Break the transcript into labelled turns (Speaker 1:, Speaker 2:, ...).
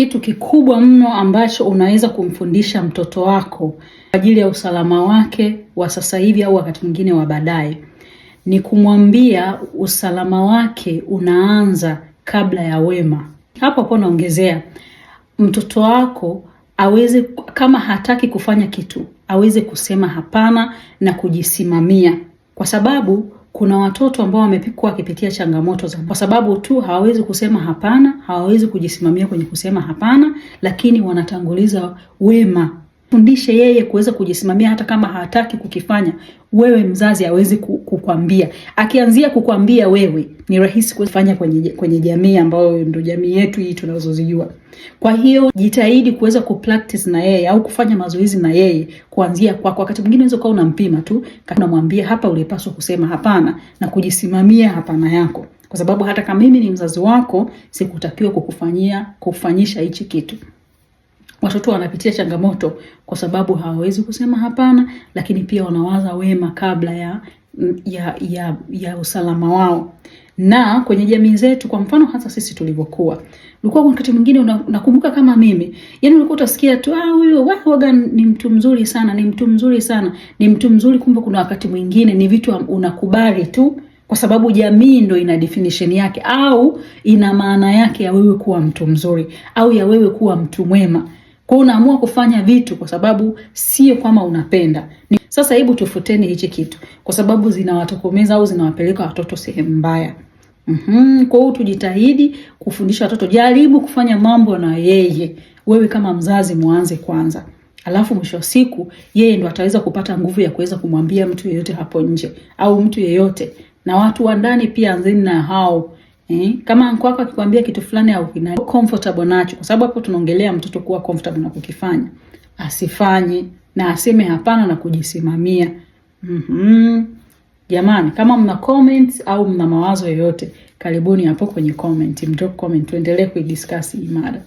Speaker 1: Kitu kikubwa mno ambacho unaweza kumfundisha mtoto wako kwa ajili ya usalama wake wa sasa hivi au wakati mwingine wa baadaye ni kumwambia usalama wake unaanza kabla ya wema. Hapo hapo naongezea mtoto wako aweze, kama hataki kufanya kitu aweze kusema hapana na kujisimamia, kwa sababu kuna watoto ambao wamekuwa wakipitia changamoto za kwa sababu tu hawawezi kusema hapana, hawawezi kujisimamia kwenye kusema hapana, lakini wanatanguliza wema fundishe yeye kuweza kujisimamia hata kama hataki kukifanya. Wewe mzazi hawezi kukwambia, akianzia kukwambia wewe ni rahisi kufanya kwenye, kwenye jamii ambayo ndio jamii yetu hii tunazozijua. Kwa hiyo jitahidi kuweza kupractice na yeye au kufanya mazoezi na yeye kuanzia kwako. Kwa wakati mwingine unaweza kuwa unampima tu, unamwambia hapa ulipaswa kusema hapana na kujisimamia hapana yako, kwa sababu hata kama mimi ni mzazi wako sikutakiwa kukufanyia kufanyisha hichi kitu. Watoto wanapitia changamoto kwa sababu hawawezi kusema hapana, lakini pia wanawaza wema kabla ya, ya, ya, ya usalama wao. Na kwenye jamii zetu, kwa mfano hasa sisi tulivyokuwa, ulikuwa wakati mwingine unakumbuka una kama mimi, yani ulikuwa utasikia tu ah, huyo waga ni mtu mzuri sana, ni mtu mzuri sana, ni mtu mzuri. Kumbe kuna wakati mwingine ni vitu unakubali tu kwa sababu jamii ndo ina definition yake au ina maana yake ya wewe kuwa mtu mzuri au ya wewe kuwa mtu mwema. Kwa unaamua kufanya vitu kwa sababu sio kama unapenda. Sasa hebu tufuteni hichi kitu, kwa sababu zinawatokomeza au zinawapeleka watoto sehemu mbaya. Mm-hmm. Kwa hiyo tujitahidi kufundisha watoto, jaribu kufanya mambo na yeye, wewe kama mzazi mwanze kwanza, alafu mwisho wa siku yeye ndo ataweza kupata nguvu ya kuweza kumwambia mtu yeyote hapo nje au mtu yeyote, na watu wa ndani pia, anzeni na hao Eh, kama mko wako akikwambia kitu fulani au kina comfortable nacho, kwa sababu hapo tunaongelea mtoto kuwa comfortable na kukifanya, asifanye na aseme hapana na kujisimamia. mm Jamani, kama mna comment au mna mawazo yoyote, karibuni hapo kwenye comment, mtoke comment, tuendelee kuidiscuss hii mada.